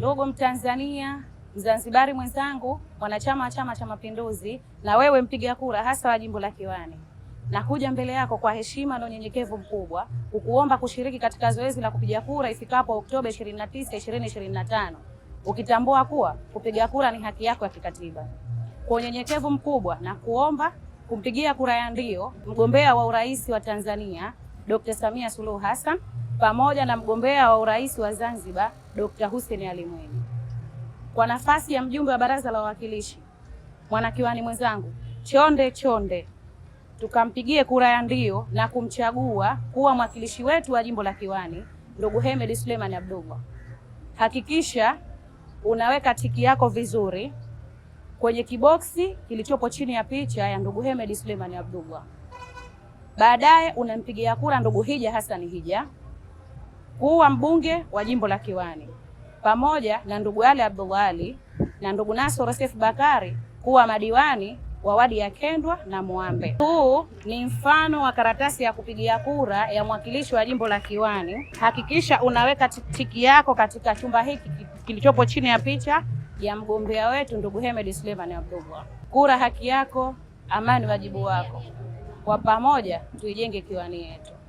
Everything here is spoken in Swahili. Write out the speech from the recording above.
ndugu Mtanzania, Mzanzibari mwenzangu, mwanachama wa Chama cha Mapinduzi, na wewe mpiga kura hasa wa jimbo la Kiwani, nakuja mbele yako kwa heshima na unyenyekevu mkubwa kukuomba kushiriki katika zoezi la kupiga kura ifikapo Oktoba 29, 2025 ukitambua kuwa kupiga kura ni haki yako ya kikatiba. Kwa unyenyekevu mkubwa na kuomba kumpigia kura ya ndio mgombea wa urais wa Tanzania Dr. Samia Suluhu Hassan pamoja na mgombea wa urais wa Zanzibar Dr. Hussein Ali Mwinyi. Kwa nafasi ya mjumbe wa Baraza la Wawakilishi, mwanakiwani mwenzangu Chonde Chonde tukampigie kura ya ndio na kumchagua kuwa mwakilishi wetu wa jimbo la Kiwani, ndugu Hemed Suleiman Abdullah. Hakikisha unaweka tiki yako vizuri kwenye kiboksi kilichopo chini ya picha ya ndugu Hemed Suleiman Abdullah. Baadaye unampigia kura ndugu Hija Hassan Hija kuwa mbunge wa jimbo la Kiwani pamoja na ndugu Ali Abdullah Ali na ndugu Nasor Yosef Bakari kuwa madiwani wa wadi ya Kendwa na Mwambe. Huu ni mfano wa karatasi ya kupigia kura ya mwakilishi wa jimbo la Kiwani. Hakikisha unaweka tiki yako katika chumba hiki kilichopo chini ya picha ya mgombea wetu ndugu Hemed Suleiman Abdullah. Kura haki yako, amani wajibu wako. Kwa pamoja tuijenge Kiwani yetu.